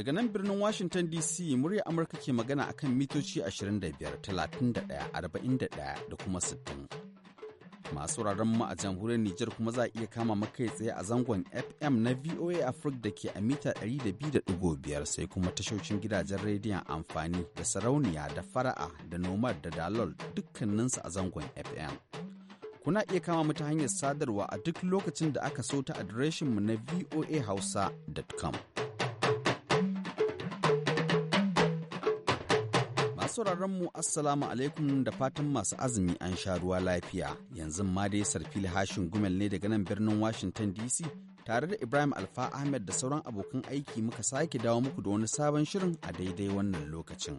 Daga nan birnin Washington DC murya Amurka ke magana akan mitoci 25, 31, 41 da kuma 60. Masu wuraren mu a jamhuriyar Nijar kuma za a iya kama makai tsaye a zangon FM na VOA Africa da ke a mita 200.5 sai kuma tashocin gidajen rediyon amfani da sarauniya da fara'a da nomad da dalol dukkaninsu a zangon FM. Kuna iya kama mu ta hanyar sadarwa a duk lokacin da aka so ta adireshinmu na voahausa.com. sauraron mu Assalamu alaikum da fatan masu azumi an sha ruwa lafiya. Yanzu ma dai sarfili hashin gumel ne daga nan birnin Washington DC tare da Ibrahim Alfa Ahmed da sauran abokan aiki muka sake dawo muku da wani sabon shirin a daidai wannan lokacin.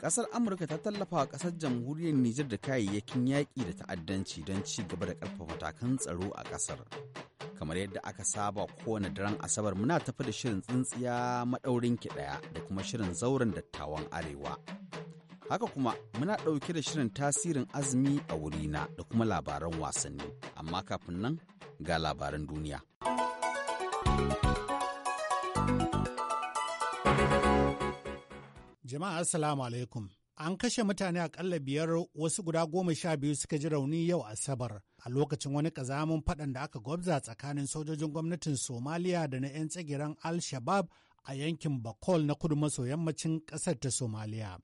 Kasar Amurka ta tallafa wa kasar jamhuriyar Nijar da kayayyakin yaƙi da ta'addanci don ci gaba da ƙarfafa matakan tsaro a ƙasar. kamar yadda aka saba kowane daren asabar muna tafi da shirin tsintsiya maɗaurin ki ɗaya da kuma shirin zauren dattawan arewa haka kuma muna ɗauke da shirin tasirin azumi a wurina da kuma labaran wasanni amma kafin nan ga labaran duniya jama'a assalamu alaikum An kashe mutane akalla biyar wasu guda goma sha biyu suka ji rauni yau Asabar a lokacin wani kazamin faɗan da aka gwabza tsakanin sojojin gwamnatin Somaliya da na 'yan tsagiran Al-Shabab a yankin Bakol na kudu maso yammacin ƙasar ta Somaliya.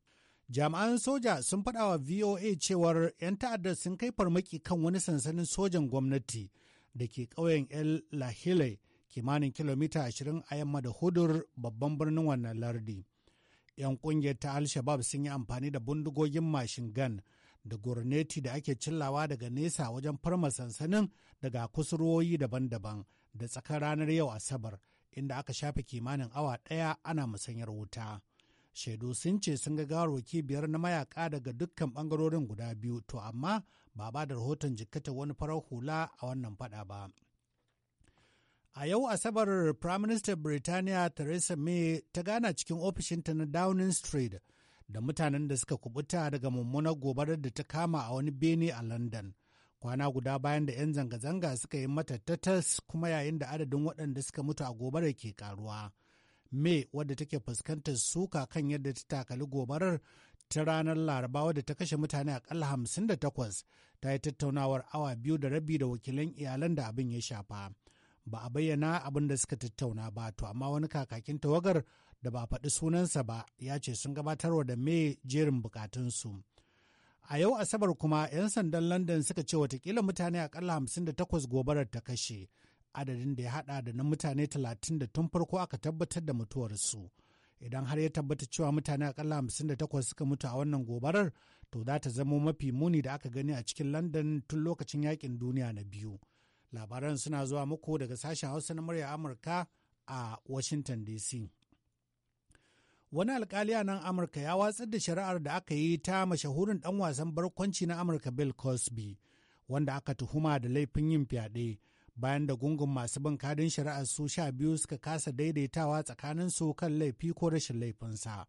Jami'an soja sun faɗa wa VOA cewar 'yan ta'adda sun kai farmaki kan wani sansanin sojan gwamnati da ke ƙauyen El Lahile kimanin kilomita ashirin a yamma da Hudur babban birnin wannan lardi. 'yan kungiyar ta al-shabab sun yi amfani da bindigogin mashin gan da gurneti da ake cillawa daga nesa wajen farma sansanin daga kusurwoyi daban-daban da tsakar ranar yau asabar inda aka shafe kimanin awa ɗaya ana musanyar wuta shaidu sun ce sun ga gawarwaki biyar na mayaka daga dukkan bangarorin guda biyu to amma ba ba da rahoton jikkata wani farar hula a wannan fada ba A yau Asabar Firaministan Birtaniya Theresa May ta gana cikin ofishinta na Downing Street da mutanen da suka kubuta daga mummunar gobarar da ta kama a wani bene a London. Kwana guda bayan da 'yan zanga-zanga suka yi mata tatas kuma yayin da adadin waɗanda suka mutu a gobarar ke karuwa. May wadda take fuskantar suka kan yadda ta takali gobarar ta ranar laraba wadda ta kashe mutane akalla hamsin da takwas ta yi tattaunawar awa biyu da rabi da wakilan iyalan da abin ya shafa ba a bayyana abin da suka tattauna ba to amma wani kakakin tawagar da ba faɗi sunansa ba ya ce sun gabatarwa da me jerin bukatunsu a yau asabar kuma 'yan sandan london suka ce watakila mutane akalla 58 gobarar ta kashe adadin da ya hada da na mutane 30 da tun farko aka tabbatar da mutuwarsu idan har ya tabbata cewa mutane akalla 58 suka mutu a wannan gobarar to za ta zamo mafi muni da aka gani a cikin london tun lokacin yakin duniya na biyu Labaran suna zuwa muku daga sashen Hausa na murya Amurka a Washington DC. Wani alkali a nan Amurka ya watsar da shari'ar da aka yi ta mashahurin ɗan wasan barkwanci na Amurka Bill Cosby, wanda aka tuhuma da laifin yin fyaɗe. bayan da gungun masu bin kadin shari'ar su sha biyu suka kasa daidaitawa tsakanin su kan laifi ko rashin laifinsa.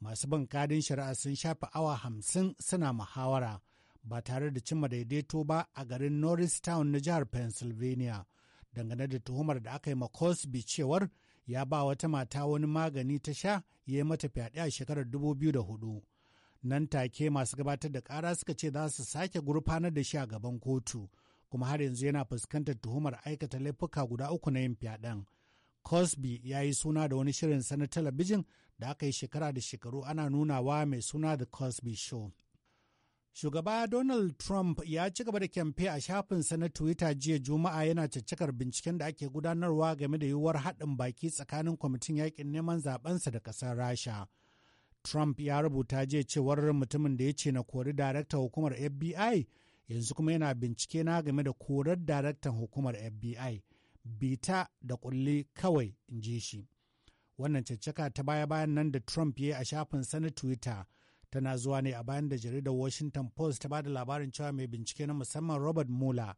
Masu bin kadin shari'ar sun shafi awa hamsin suna muhawara ba tare da cimma daidaito ba a garin Norristown na jihar Pennsylvania dangane da tuhumar da aka yi ma Cosby cewar ya ba wata mata wani magani ta sha ya yi mata fyaɗe a shekarar 2004. Nan take masu gabatar da ƙara suka ce za su sake gurfanar da shi a gaban kotu, kuma har yanzu yana fuskantar tuhumar aikata laifuka guda uku na yin fyaɗen. Cosby ya yi suna da wani shirin na talabijin da aka yi shekara da shekaru ana nunawa mai suna The Cosby Show. Shugaba Donald Trump ya ci gaba da kyamfe a shafinsa na Twitter jiya Juma'a yana caccakar binciken da ake gudanarwa game da yiwuwar haɗin baki tsakanin kwamitin yakin neman zabensa da ƙasar Rasha. Trump ya rubuta jiya cewar mutumin da ya ce na kori daraktan hukumar FBI yanzu kuma yana bincike na game da korar daraktan hukumar FBI. Bita da ƙulli kawai, in ji shi. Wannan caccaka ta baya-bayan nan da Trump ya yi a shafinsa na Twitter. tana zuwa ne a bayan da jaridar washington post ta bada labarin cewa mai bincike na musamman robert mueller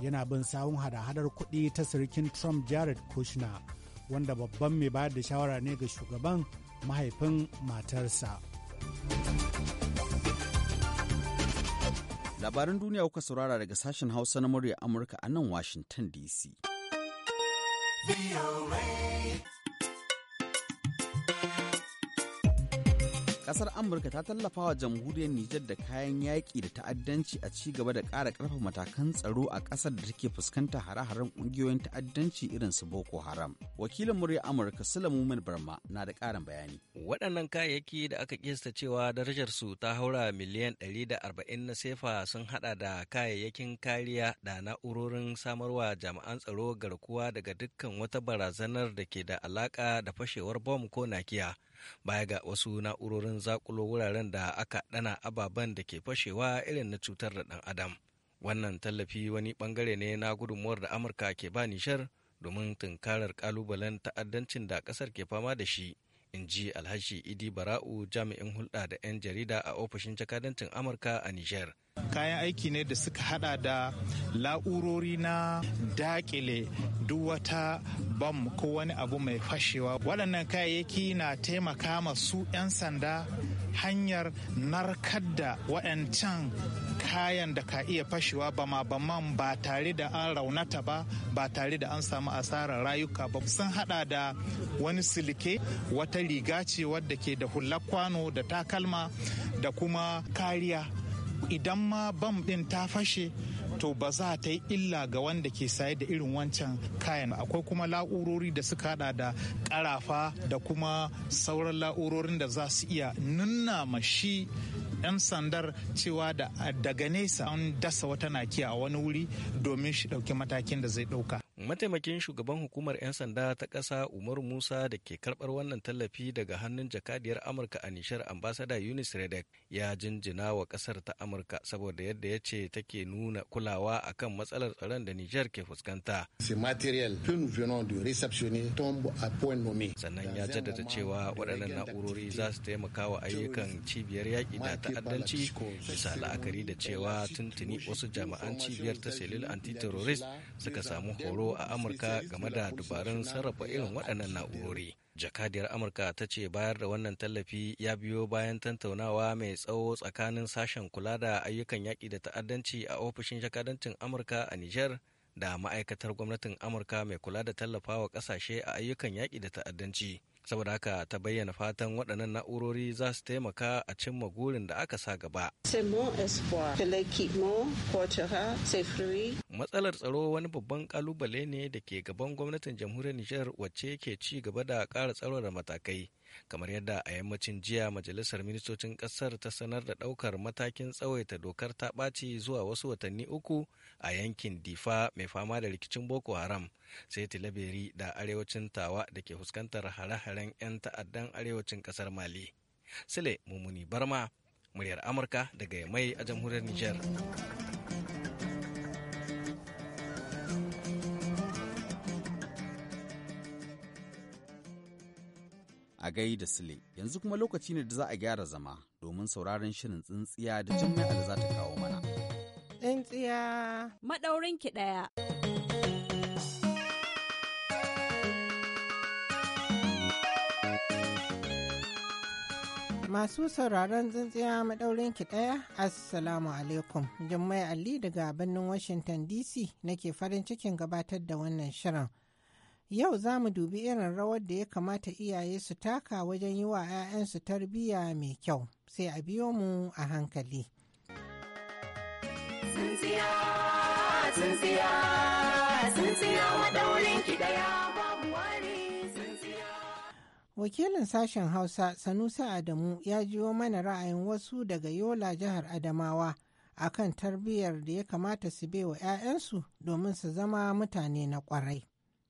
yana bin sawun hada-hadar kuɗi ta sirikin trump jared kushner wanda babban mai bayar da shawara ne ga shugaban mahaifin matarsa Labarin duniya kuka saurara daga sashen hausa na murya amurka a nan washington dc Ƙasar Amurka ta tallafa wa jamhuriyar Nijar da kayan yaƙi da ta'addanci a ci gaba da ƙara ƙarfa matakan tsaro a ƙasar da take fuskanta hare-haren ƙungiyoyin ta'addanci irin su Boko Haram. Wakilin murya Amurka Sulamu Barma na da ƙarin bayani. Waɗannan kayayyaki da aka kista cewa darajar su ta haura miliyan ɗari da arba'in na sefa sun haɗa da kayayyakin kariya da na'urorin samarwa jami'an tsaro garkuwa daga dukkan wata barazanar da ke da alaƙa da fashewar bom ko nakiya. baya ga wasu na'urorin zakulo wuraren da aka ɗana ababen da ke fashewa irin na cutar da ɗan adam wannan tallafi wani ɓangare ne na gudunmuwar da amurka ke ba nishar domin tunkarar ƙalubalen ta'addancin da ƙasar ke fama da shi in ji alhashi idi bara'u jami'in hulɗa da 'yan jarida a ofishin jakadancin amurka a nijar kayan aiki ne da suka hada da la'urori na dakile duk wata bam ko wani abu mai fashewa waɗannan kayayyaki na taimaka masu 'yan sanda hanyar narkar da waɗancan kayan da ka iya fashewa ba ma man ba tare da an raunata ba ba tare da an samu asarar rayuka ba sun hada da wani silike wata riga ce wadda ke da hular kwano da takalma da kuma kariya idan ma bam din ta fashe to ba za ta yi illa ga wanda ke sayar da irin wancan kayan akwai kuma la'urori da suka hada da karafa da kuma sauran la'urorin da za su iya nuna shi 'yan sandar cewa da daga nesa an dasa wata nakiya a wani wuri domin shi dauki matakin da zai dauka mataimakin shugaban hukumar 'yan sanda ta ƙasa umar musa da ke karɓar wannan tallafi daga hannun jakadiyar amurka a nishar ambasada yunis redek ya jinjina wa ƙasar ta amurka saboda yadda ya ce take nuna kulawa a kan matsalar tsaron da nijar ke fuskanta sannan ya jaddada cewa waɗannan na'urori za su taimaka wa ayyukan cibiyar yaƙi da ta'addanci bisa la'akari da cewa tuntuni wasu jami'an cibiyar ta selil anti-terrorist suka samu horo a Amurka game da dubarun sarrafa irin waɗannan na'urori. Jakadiyar Amurka ta ce bayar da wannan tallafi ya biyo bayan tantaunawa mai tsawo tsakanin sashen kula da ayyukan yaƙi da ta'addanci a ofishin jakadancin Amurka a Nijar da ma'aikatar gwamnatin Amurka mai kula da tallafawa ƙasashe a ayyukan yaƙi da ta'addanci. saboda haka ta bayyana fatan waɗannan na'urori za su taimaka a cimma gurin da aka sa gaba. Matsalar tsaro wani babban kalubale ne da ke gaban gwamnatin jamhuriyar Nijar wacce ke ci gaba da ƙara tsaro da matakai kamar yadda a yammacin jiya majalisar ministocin kasar ta sanar da ɗaukar matakin tsawaita dokar ta ɓaci zuwa wasu watanni uku a yankin difa mai fama da rikicin boko haram sai tilaberi da arewacin tawa da ke fuskantar hare-haren 'yan ta'addan arewacin kasar mali Sile, mummuni barma muryar amurka daga mai a jamhuriyar niger a gai da sile yanzu kuma lokaci ne da za a gyara zama domin sauraron shirin tsintsiya da jami'a da za ta kawo mana tsintsiya maɗaurin ki daya masu sauraron tsintsiya maɗaurin ki ɗaya assalamu alaikum jummai ali daga birnin washington dc nake farin cikin gabatar da wannan shirin Yau za mu dubi irin rawar da ya kamata iyaye su taka wajen yi wa 'ya'yansu tarbiyya mai kyau, sai a biyo mu a hankali. Wakilin sashen Hausa Sanusa Adamu ya jiwo mana ra'ayin wasu daga Yola jihar Adamawa akan tarbiyyar da ya kamata su bai wa 'ya'yansu domin su zama mutane na kwarai.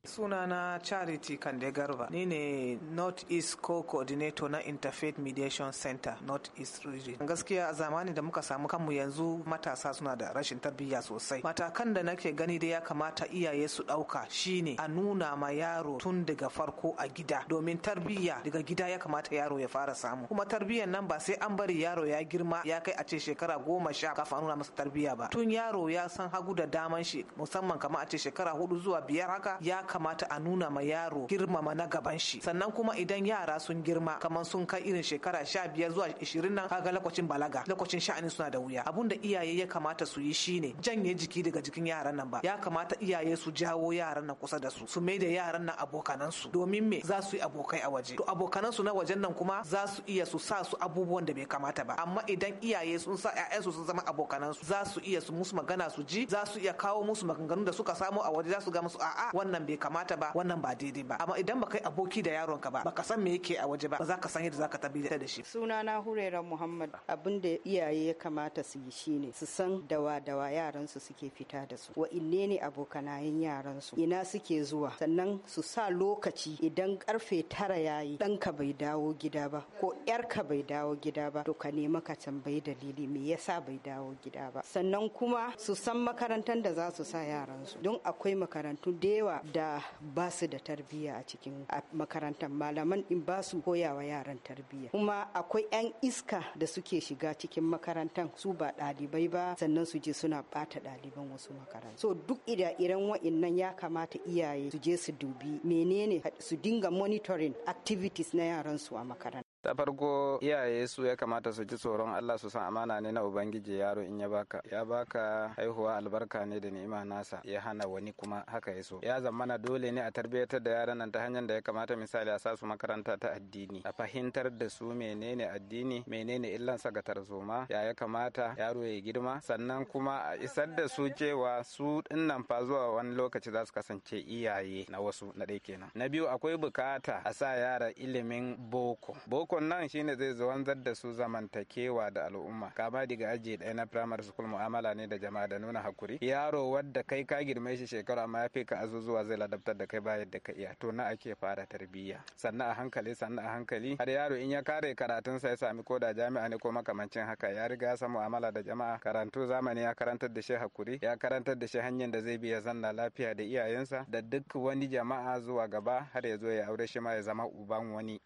Sunana Charity Kande Garba, ni ne North East co coordinator na Interfaith Mediation Center North East Region. Gaskiya a zamanin da muka samu kanmu yanzu matasa suna da rashin tarbiyya sosai. Matakan da nake gani da ya kamata iyaye su ɗauka shine a nuna ma yaro tun daga farko a gida domin tarbiyya daga gida ya kamata yaro ya fara samu. Kuma tarbiyyar nan ba sai an bari yaro ya girma ya kai a ce shekara goma sha kafin nuna masa tarbiyya ba. Tun yaro ya san hagu da daman shi musamman kamar a ce shekara hudu zuwa biyar haka ya kamata a nuna ma yaro girmama na gaban shi sannan kuma idan yara sun girma kamar sun kai irin shekara sha biyar zuwa ishirin nan kaga lokacin balaga lokacin sha'anin suna da wuya abun da iyaye ya kamata su yi shine janye jiki daga jikin yaran nan ba ya kamata iyaye su jawo yaran nan kusa da su su mai da yaran nan abokanan su domin me za su yi abokai a waje to abokanan su na wajen nan kuma za su iya su sa su abubuwan da bai kamata ba amma idan iyaye sun sa ƴaƴan su sun zama abokanan su za su iya su musu magana su ji za su iya kawo musu maganganu da suka samu a waje za su ga musu a'a wannan bai kamata ba wannan ba daidai ba amma idan baka yi aboki da yaron ka ba baka san me yake a waje ba ba za ka san yadda za ka tabi da shi suna na hurera muhammad abin da iyaye ya kamata su yi shine su san dawa dawa yaran su suke fita da su wa inne ne abokanayen yaran su ina suke zuwa sannan su sa lokaci idan karfe tara yayi ka bai dawo gida ba ko ka bai dawo gida ba to ka nema ka tambayi dalili me yasa bai dawo gida ba sannan kuma su san makarantar da za su sa yaran su don akwai makarantu da yawa da ba su da tarbiyya a cikin makarantar malaman in ba su koyawa yaran tarbiyya kuma akwai 'yan iska da suke shiga cikin makarantar su ba dalibai ba sannan su je suna bata daliban wasu makaranta so duk ida iran wa'annan ya kamata iyaye su je su dubi menene su dinga monitoring activities na yaran su a makarantar. ta farko iyaye su ya kamata su ji tsoron Allah su san amana ne na ubangiji yaro in ya baka ya baka haihuwa albarka ne da ni'ima nasa ya hana wani kuma haka ya so ya zamana dole ne a tarbiyyatar da yaran nan ta hanyar da ya kamata misali a sa su makaranta ta addini a fahimtar da su menene addini menene sa ga tarzoma ya ya kamata yaro ya girma sannan kuma a isar da su cewa su nan fa zuwa wani lokaci za su kasance iyaye na wasu na dai kenan na biyu akwai bukata a sa yara ilimin boko boko shi shine zai wanzar da su zamantakewa da al'umma kama daga ajiye ɗaya na primary school mu'amala ne da jama'a da nuna hakuri yaro wadda kai ka girme shi shekaru amma ya fi ka azuzuwa zai ladabtar da kai bayan da ka iya to na ake fara tarbiyya sannan a hankali sannan a hankali har yaro in ya kare karatunsa ya sami ko da jami'a ne ko makamancin haka ya riga ya san mu'amala da jama'a karantu zamani ya karantar da shi hakuri ya karantar da shi hanyar da zai bi ya zanna lafiya da iyayensa da duk wani jama'a zuwa gaba har ya zo ya aure shi ma ya zama uban wani.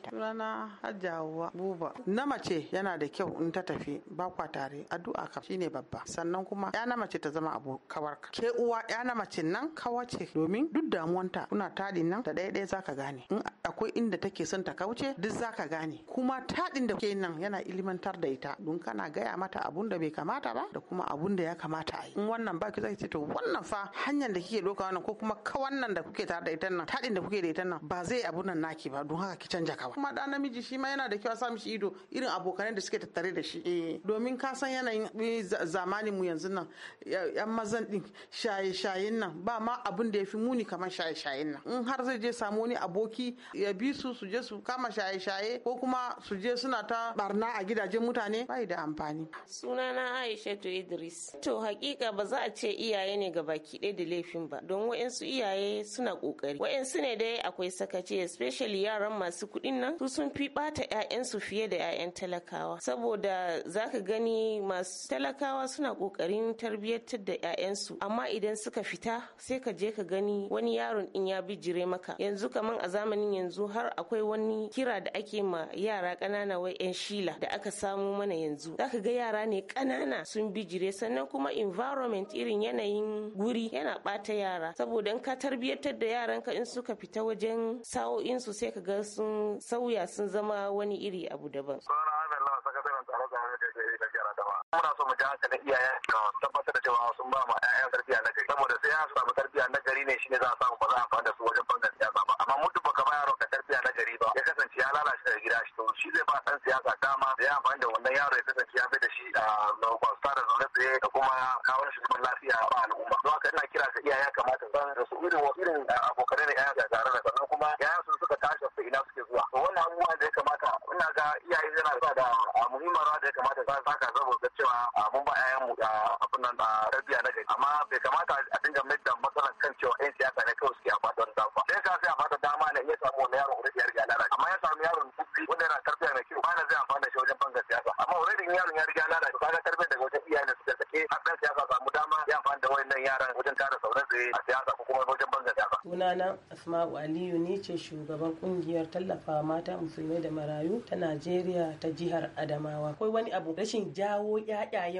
Hajjawa Hauwa Buba na mace yana da kyau in ta tafi ba kwa tare addu'a ka shine babba sannan kuma ya na mace ta zama abu kawarka ke uwa ya na mace nan kawace domin duk damuwanta kuna tadin nan da daya ɗaya zaka gane in akwai inda take son ta kauce duk zaka gane kuma tadin da ke nan yana ilimantar da ita don kana gaya mata abun da bai kamata ba da kuma abun da ya kamata a yi in wannan ki zai ce to wannan fa hanyar da kike doka wannan ko kuma ka wannan da kuke tare da ita nan tadin da kuke da ita nan ba zai abun nan naki ba don haka ki canja kawa kuma da namiji shi ma yana yana da kyau a sa mishi ido irin abokanan da suke tattare da shi eh, domin ka san yanayin eh, zamanin mu yanzu nan yan mazan din shaye-shayen nan ba ma abin da ya fi muni kamar shaye-shayen nan in har zai je samu wani aboki ya bi su su je su kama shaye-shaye ko kuma su je suna ta barna a gidajen mutane bai da amfani sunana aisha to idris to hakika ba za a ce iyaye ne ga baki ɗaya da laifin ba don wa'insu iyaye suna kokari wa'insu ne dai akwai sakaci especially yaran masu kuɗin nan su sun fi bata 'ya'yansu fiye da 'ya'yan talakawa saboda zaka gani masu talakawa suna ƙoƙarin tarbiyyantar da 'ya'yansu amma idan suka fita sai ka je ka gani wani yaron in ya bijire maka yanzu kaman a zamanin yanzu har akwai wani kira da ake ma yara ƙanana wai 'yan shila da aka samu mana yanzu zaka ga yara ne ƙanana sun bijire sannan kuma environment irin yanayin guri yana ɓata yara saboda in ka tarbiyyantar da yaranka in suka fita wajen sa'o'insu sai ka ga sun sauya sun zama wani iri abu daban. muna so mu ji hankalin iyayen da tabbatar da cewa sun ba ma 'ya'yan tarbiyya na gari saboda sai an samu tarbiyya na gari ne shine za a samu ba za a amfani su wajen bangar siyasa ba amma mutum baka ba yaro ka tarbiyya na gari ba ya kasance ya lalace da gida shi to shi zai ba dan siyasa dama da ya amfani da wannan yaro ya kasance ya fi da shi ah, a kwasta da zaune tsaye da kuma kawo shi zaman lafiya ba al'umma don haka ina kira ga iyaye kamata san da su irin irin ah, abokan ga iyaye yana sa da muhimmin rawa da ya kamata za su saka saboda cewa mun ba da abin nan tarbiyya na gari amma bai kamata a dinga mai da matsalar kan cewa 'yan siyasa ne kawai suke ba Asma'u Aliyu ne ce shugaban kungiyar tallafa mata musulmai da marayu ta Najeriya ta jihar Adamawa. Akwai wani abu rashin jawo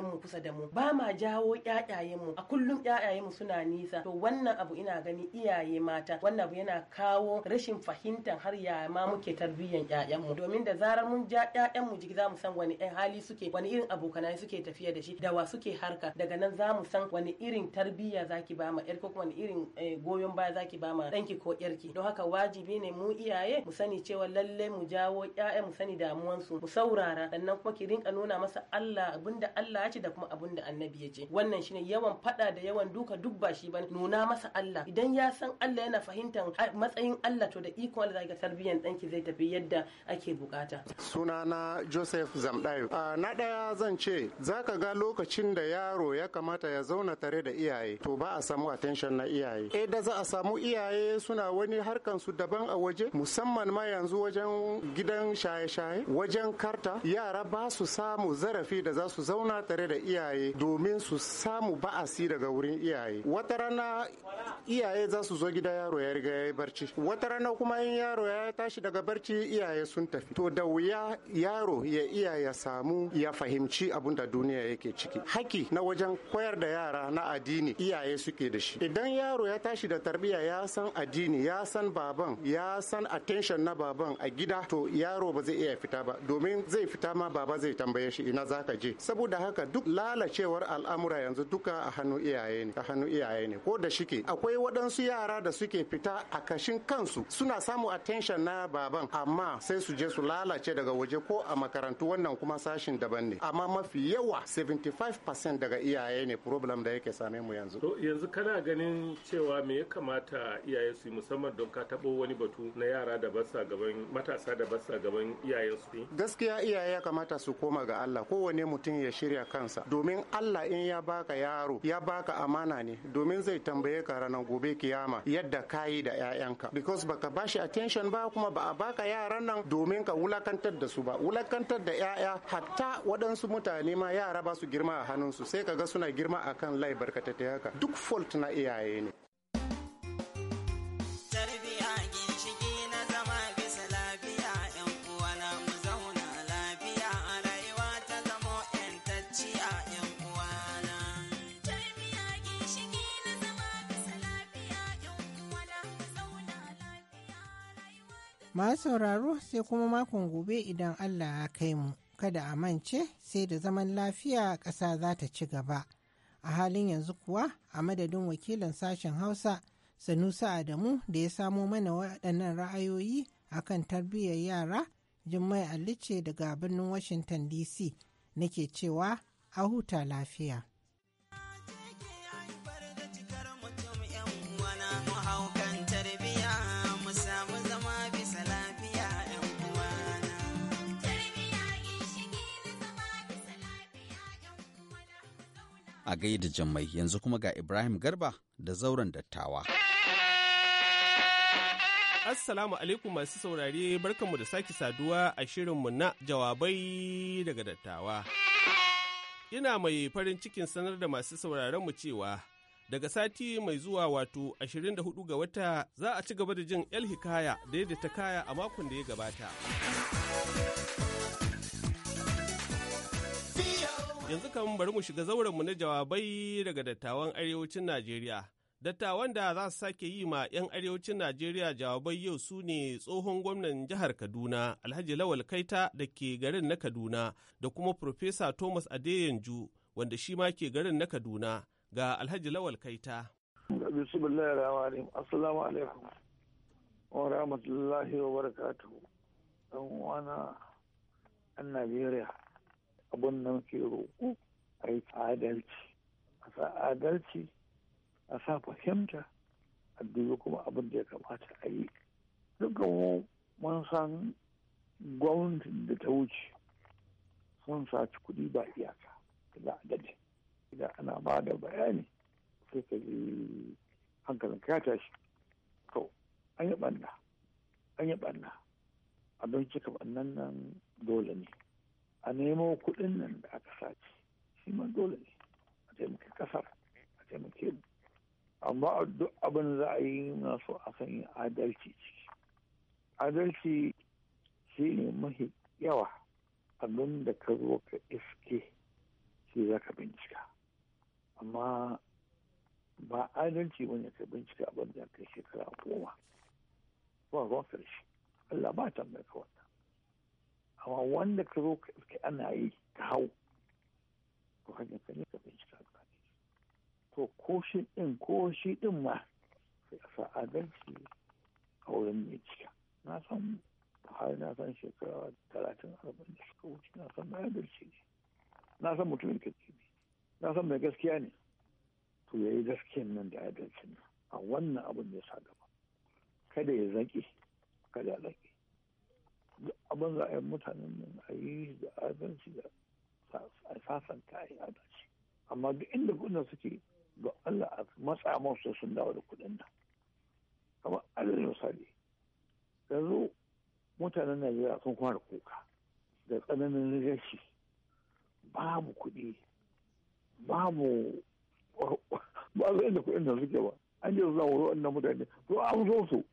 mu kusa da mu. Ba ma jawo mu a kullum mu suna nisa. To wannan abu ina gani iyaye mata wannan abu yana kawo rashin fahimtar har ya ma muke tarbiyyar mu. Domin da zarar mun ja mu jiki za mu san wani hali suke wani irin abokanai suke tafiya da shi da wa suke harka daga nan za mu san wani irin tarbiyya zaki ba ma yar ko wani irin eh, goyon baya zaki ba ma danki ko yarki don haka wajibi ne mu iyaye mu sani cewa lalle mu jawo ƴaƴa mu sani damuwansu mu saurara sannan kuma ki rinka nuna masa Allah abinda Allah ya ce da kuma abinda annabi ya ce wannan shine yawan fada da yawan duka duk ba shi bane nuna masa Allah idan ya san Allah yana fahimtar matsayin Allah to da ikon Allah ga biyan danki zai tafi yadda ake bukata sunana Joseph Zamdayo na ɗaya zan ce zaka ga lokacin da yaro ya kamata ya zauna tare da iyaye to ba a samu attention na iyaye eh da za a samu iyaye suna suna wani harkan su daban a waje musamman ma yanzu wajen gidan shaye-shaye wajen karta yara ba su samu zarafi da za su zauna tare da iyaye domin su samu ba'asi daga wurin iyaye wata rana iyaye za su zo gida yaro ya riga ya yi barci wata rana kuma in yaro ya tashi daga barci iyaye sun tafi to da wuya yaro ya iya ya samu ya fahimci abin da duniya yake ciki haki na wajen koyar da yara na addini iyaye suke da shi idan yaro ya tashi da tarbiyya ya san addini ne ya san baban ya san attention na baban a gida to yaro ba zai iya fita ba domin zai fita ma baba zai tambaye shi ina zaka je saboda haka duk lalacewar al'amura yanzu duka a hannu iyaye ne a hannu iyaye ne ko da shike akwai waɗansu yara da suke fita a kashin kansu suna samu attention na baban amma sai su je su lalace daga waje ko a makarantu wannan kuma sashin daban ne amma mafi yawa 75% daga iyaye ne problem da yake same mu yanzu to yanzu kana ganin cewa me ya kamata iyaye su yi musamman don ka taɓo wani batu na yara da basa gaban matasa da basa gaban iyayensu gaskiya iyaye ya kamata su koma ga Allah kowane mutum ya shirya kansa domin Allah in ya baka yaro ya baka amana ne domin zai tambaye ka ranar gobe kiyama yadda kayi da 'ya'yanka because baka bashi attention ba kuma ba a baka yaran nan domin ka wulakantar da su ba wulakantar da 'ya'ya hatta waɗansu mutane ma yara ba su girma a hannunsu sai ka ga suna girma akan lai barkatatai haka duk fault na iyaye ne Ma sauraro sai kuma makon gobe idan Allah ya kai mu. Kada a mance sai da zaman lafiya ƙasa za ta ci gaba. A halin yanzu kuwa a madadin wakilin sashen Hausa Sanusa Adamu da ya samo mana waɗannan ra'ayoyi akan tarbiyyar yara Jummai Alice daga birnin Washington DC nake cewa a huta lafiya. a gaida jammai yanzu kuma ga Ibrahim Garba da zauren dattawa. Assalamu alaikum masu saurare barkanmu da sake saduwa a shirinmu na jawabai daga dattawa. Ina mai farin cikin sanar da masu sauraronmu cewa daga sati mai zuwa wato 24 ga wata za a ci gaba da jin El Hikaya da ta kaya a makon da ya gabata. Yanzu kan bari mu shiga zauren mu na jawabai daga dattawan arewacin Najeriya. Dattawan da za su sake yi ma 'yan arewacin Najeriya jawabai yau su ne tsohon gwamnan jihar Kaduna, Alhaji Lawal Kaita da ke garin na Kaduna, da kuma Profesa Thomas Adeyanju wanda shi ma ke garin na Kaduna ga Alhaji Lawal Kaita. Assalamu alaikum wa rahmatullahi wa barakatuhu. Ɗan uwana 'yan Najeriya. abun nan ke roƙo a yi adalci a sa adalci a sa fahimta a dubi kuma abin da ya kamata a yi dukkan mun san gwamnatin da ta wuce sun saci kuɗi ba iyaka da dade idan ana ba da bayani sai ka ji hankalin ka tashi to an yi ɓanna an yi ɓanna abin cika ɓannan nan dole ne a nemo kuɗin nan da aka sace shi ma dole ne a taimaki ƙasar a taimaki mu amma duk abin za a yi na so a yin adalci ciki adalci shi ne mahi yawa abin da ka zo ka iske shi za ka bincika amma ba adalci wani ka bincika abin da ka shekara goma ba ruwan karshe Allah ba ta mai amma wanda ka zo ka ana yi ka hau to hanyar ka ne ka bincika ka to ko shi din ko shi din ma sai a sa adalci a wurin cika na san har na san shekara talatin arba'in da suka wuce na san mai adalci ne na san mutumin kirki ne na san mai gaskiya ne to ya yi gaskiyan nan da adalcin nan a wannan abin da ya sa gaba kada ya zaƙi kada ya zaƙi abin za a yi mutanen nan a yi da adalci da a sasanta a yi adalci amma duk inda kuna suke ga Allah a matsa masu sun dawo da kudin nan kamar alal misali yanzu mutanen Najeriya sun fara kuka da tsananin rashi babu kuɗi babu ba zai da kuɗin nan suke ba an yi zuwa wuri wannan mutane to an zo su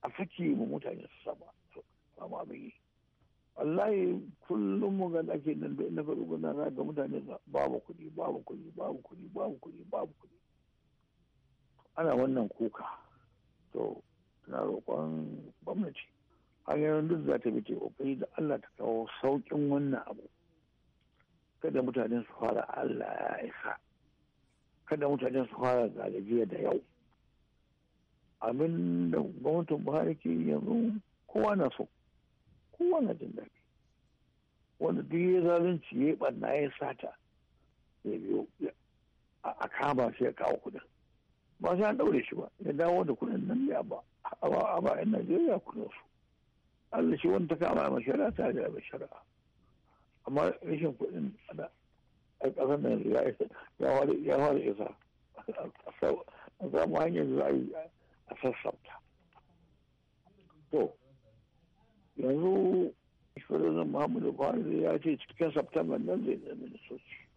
a saki mu mutane su sama ba ma yi wallahi kullum mu ga ake nan da ina faɗi gudana za ga mutane babu kuɗi babu kuɗi babu kuɗi babu kuɗi babu kuɗi ana wannan kuka to na roƙon gwamnati hanyar duk za ta bi ƙoƙari da Allah ta kawo sauƙin wannan abu kada mutane su fara Allah ya isa kada mutane su fara galibiya da yau abin da gwamnatin buhari ke yanzu kowa na so kowane jin daɗi wanda duk ya zalunci ya ɓanna ya sata ya biyo a kama shi ya kawo kuɗin ba sai an ɗaure shi ba ya dawo da kuɗin nan ne a ba yan najeriya kudin su allah shi wanda ta kama a mashara ta da mai shari'a amma rashin kuɗin a ƙasar nan ya fara isa a samu hanyar zai a sassafta. sassauta yanzu shugaban muhammadu buhari ya ce cikin saptamba nan zai zai ministoci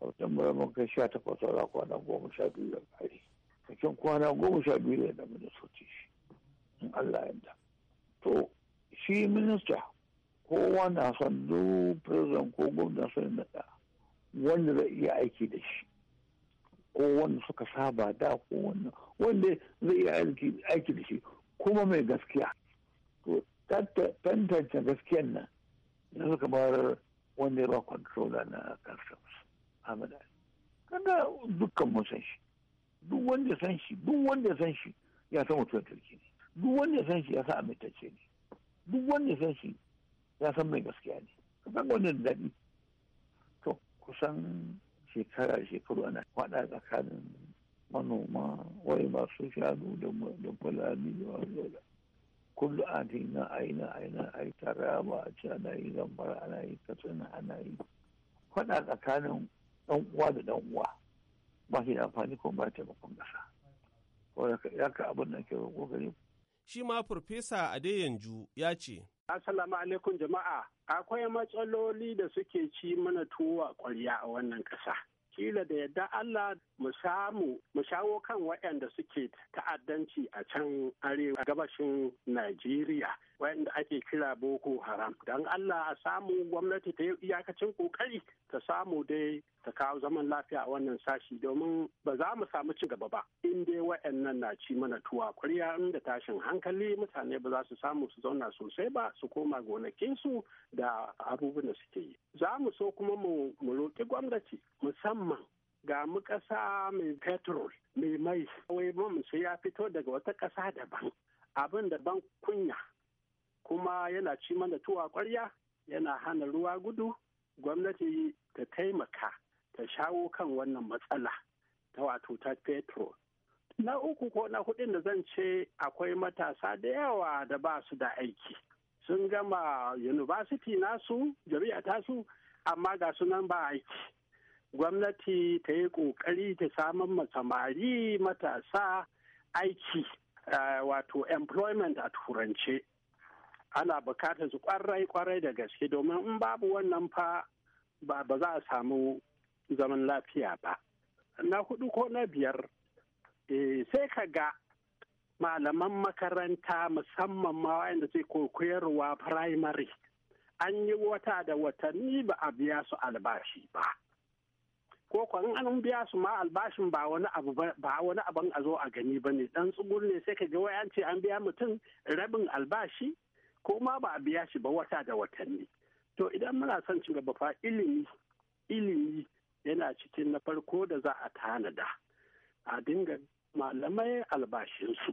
september mun kai sha takwas saura kwana goma sha biyu da kai cikin kwana goma sha biyu da zama ministoci in allah da to shi minista kowa na son duk president ko gwamna sun naɗa wanda zai iya aiki da shi ko wanda suka saba da ko wanda zai iya aiki da shi kuma mai gaskiya tantance gaskiyan nan yanzu kamar wanda ya ba kwantrola na customs Ahmed kada dukkan mun san shi duk wanda san shi duk wanda san shi ya san mutuwar turki ne duk wanda san shi ya san amintacce ne duk wanda san shi ya san mai gaskiya ne kasan wannan daɗi to kusan shekara shekaru ana Kwaɗa tsakanin manoma wai masu shanu da fulani da kullu a dina a yi na a yi na yi taraba a ce ana yi zambar ana yi katsina ana yi kwada tsakanin ɗan uwa da ɗan uwa ba shi amfani ko ba taimakon ƙasa saboda ya ka abin da ke roƙo gare shi ma farfesa a dai yanzu, ya ce Assalamu alaikum jama'a. Akwai matsaloli da suke ci mana tuwo ƙwarya a wannan ƙasa. kila da yadda Allah mu samu mu shawo kan waɗanda suke ta'addanci a can arewa gabashin Najeriya wanda ake kira boko haram don allah a samu gwamnati ta yi iyakacin kokari ta samu dai ta kawo zaman lafiya a wannan sashi domin ba za mu samu ci gaba ba in dai wa'annan na ci mana tuwa kwarya da tashin hankali mutane ba za su samu su zauna sosai ba su koma gonakinsu da abubuwan da suke yi za mu so kuma mu roƙi gwamnati musamman ga mu ƙasa mai petrol mai mai wai mu sai ya fito daga wata ƙasa daban abin da ban kunya kuma yana ci mana tuwa kwarya yana hana ruwa gudu gwamnati ta taimaka ta shawo kan wannan matsala ta wato ta petro na uku ko na hudun da zan ce akwai matasa da yawa da ba su da aiki sun gama university nasu jami'a tasu amma ga sunan ba aiki gwamnati ta yi kokari ta samun samari matasa aiki eh, wato employment a turance ana bukatar su kwarai kwarai da gaske domin in babu wannan fa ba ba za a samu zaman lafiya ba na hudu ko na biyar eh, sai ka ga malaman makaranta musamman ma wa'anda sai koyarwa primary an yi wata da watanni ba a biya su albashi ba ko kwan an biya su ma albashin ba wani abu ba abin a zo a gani ba ne dan tsugur ne sai ka ga wai an ce an biya mutum rabin albashi ko ma ba a biya shi ba wata da watanni to idan muna son ci gaba fa ilimi ilimi yana cikin na farko da za a tanada a dinga malamai albashinsu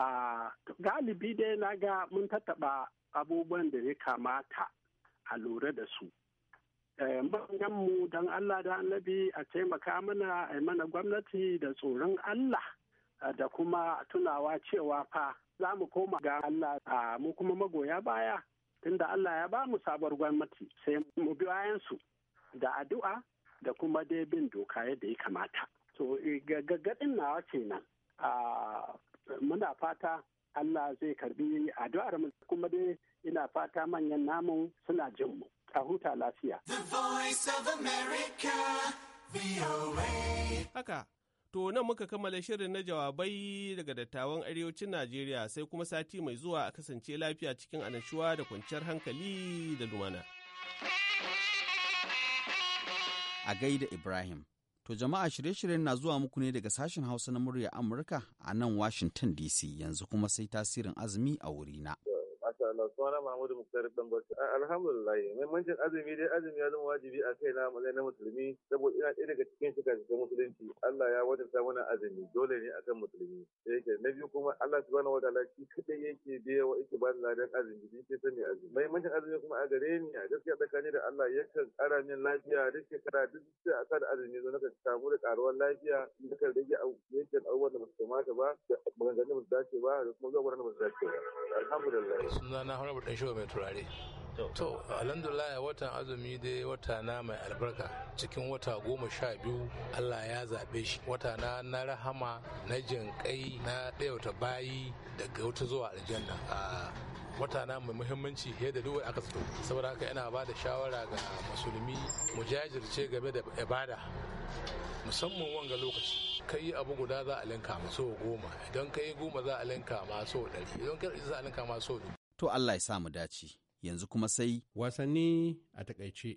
a galibi dai na ga mun tattaɓa abubuwan da ya kamata a lura da su eh, mu don Allah da annabi a taimaka mana a mana gwamnati da tsoron Allah eh, da kuma tunawa cewa fa za mu koma ga Allah a mu kuma magoya baya tunda Allah ya ba mu sabuwar gwamnati sai mu bi su da addu'a da kuma dai bin doka yadda ya kamata. To eh, gaggadin nawa kenan a muna fata Allah zai karbi addu'ar mu kuma dai ina fata manyan namun suna jin mu a huta lafiya. Haka To nan muka kammala shirin na jawabai daga dattawan arewacin Najeriya sai kuma sati mai zuwa a kasance lafiya cikin annashuwa da kwanciyar hankali da lumana. A gaida Ibrahim. To jama'a shirye-shiryen na zuwa muku ne daga sashen Hausa na murya Amurka a nan Washington DC yanzu kuma sai tasirin azumi a wuri na. insha Allah sunana Muhammadu Muktar dan Bashir alhamdulillah muhimmancin azumi dai azumi ya zama wajibi a kaina mazai na musulmi saboda ina ɗaya daga cikin shiga da musulunci Allah ya wajabta mana azumi dole ne akan musulmi yake na biyu kuma Allah subhanahu wa ta'ala shi kadai yake biya wa yake ba ladan azumi shi ke sani azumi muhimmancin azumi kuma a gare ni a gaskiya tsakani da Allah yakan ƙara min lafiya duk shekara duk sai akan azumi zo naka samu da karuwar lafiya kan rage yankin abubuwan da ba su kamata ba da maganganun da ba su dace ba da kuma zuwa wurin da ba su dace ba alhamdulillah suna na honorable dan shehu mai turare to alhamdulillah watan azumi dai wata na mai albarka cikin wata goma sha biyu allah ya zaɓe shi wata na na rahama na jinƙai na ɗayauta bayi daga wata zuwa aljanna a wata na mai muhimmanci fiye da duwai aka tsoro saboda haka yana ba da shawara ga musulmi mu jajirce game da ibada musamman wanga lokaci ka yi abu guda za a linka maso goma idan ka yi goma za a linka maso so ɗari idan ka za a linka maso biyu To Allah ya samu dace. Yanzu kuma sai wasanni a takaice.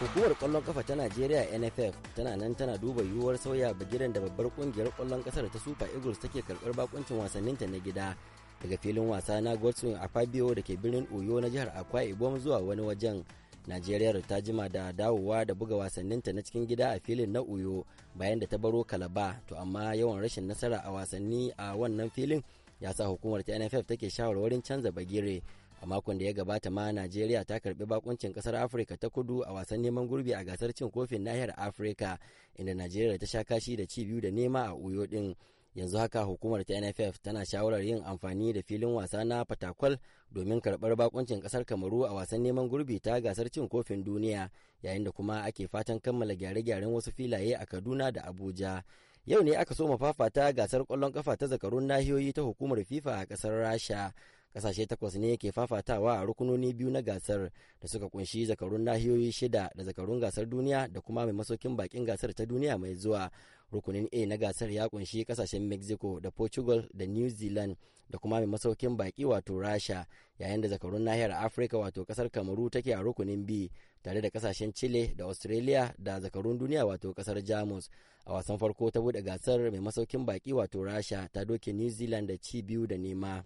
Hukumar kwallon kafa ta Najeriya NFF tana nan tana duba yiwuwar sauya gidan da babbar kungiyar kwallon kasar ta Super Eagles take karbar bakuncin wasanninta na gida daga filin wasa na Godswin a Fabio da ke birnin Oyo na jihar Akwa Ibom zuwa wani wajen. Najeriya ta jima da dawowa da buga wasanninta na cikin gida a filin na Uyo bayan da ta baro Kalaba to amma yawan rashin nasara a wasanni a wannan filin ya sa hukumar ta NFF take shawarwarin canza bagire a makon da ya gabata ma Najeriya ta karbi bakuncin kasar Afirka ta kudu a wasan neman gurbi a gasar cin kofin nahiyar Afirka inda Najeriya ta sha kashi da ci biyu da nema a Uyo din yanzu haka hukumar ta nff tana shawarar yin amfani da filin wasa na fatakwal domin karɓar bakuncin ƙasar kamaru a wasan neman gurbi ta gasar cin kofin duniya yayin da kuma ake fatan kammala gyare-gyaren wasu filaye a kaduna da abuja yau ne aka so mafafata gasar ƙwallon kafa ta zakarun nahiyoyi ta hukumar fifa a ƙasar rasha kasashe takwas ne ke fafatawa a rukunoni biyu na gasar da suka kunshi zakarun nahiyoyi shida da zakarun gasar duniya da kuma mai masaukin bakin gasar ta duniya mai zuwa rukunin a na gasar ya kunshi kasashen mexico da portugal da new zealand da kuma mai masaukin baki wato rasha yayin da zakarun nahiyar afirka wato kasar kamaru take a rukunin b tare da kasashen chile da australia da zakarun duniya wato kasar jamus a wasan farko ta bude gasar mai masaukin baki wato rasha ta doke new zealand da ci biyu da nema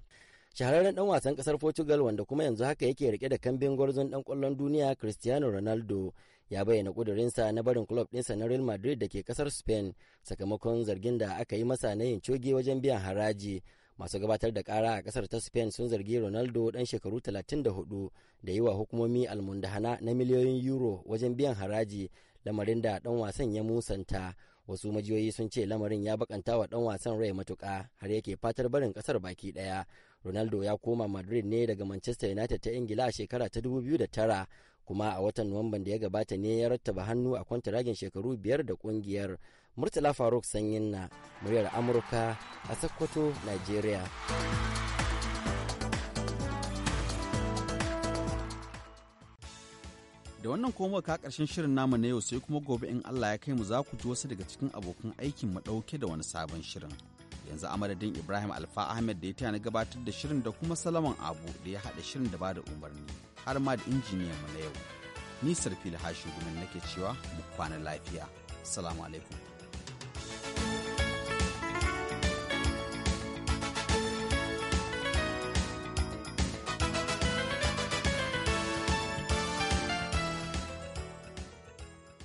shahararren dan wasan kasar portugal wanda kuma yanzu haka yake rike da kambin gwarzon dan kwallon duniya cristiano ronaldo ya bayyana kudurinsa na barin club ɗinsa na real madrid da ke kasar spain sakamakon zargin da aka yi masa na yin coge wajen biyan haraji masu gabatar da kara a kasar ta spain sun zargi ronaldo dan shekaru 34 da yi wa hukumomi almundahana na miliyoyin euro wajen biyan haraji lamarin da dan wasan ya musanta wasu majiyoyi sun ce lamarin ya bakanta wa dan wasan rai matuka har yake fatar barin kasar baki daya Ronaldo ya koma Madrid ne daga Manchester United ta Ingila a shekara ta 2009 kuma a watan Nuwamban da ya gabata ne ya rattaba hannu a kwanta kwantaragin shekaru biyar da kungiyar. Murtala Faruk Sanyin na muryar Amurka a Sokoto, Nigeria. da wannan kuma ka karshen shirin namu na yau sai kuma gobe in Allah ya kai mu za ku ji wasu daga cikin abokan aikin mu dauke da wani sabon shirin. yanzu amadadin ibrahim alfa ahmed da ya tana gabatar da shirin da kuma salaman abu da ya haɗa shirin da bada umarni har ma da injiniyan mu na yau nisar fili hashi gumin nake cewa mu kwana lafiya salamu alaikum